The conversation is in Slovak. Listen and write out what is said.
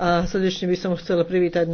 A srdečne by som chcela privítať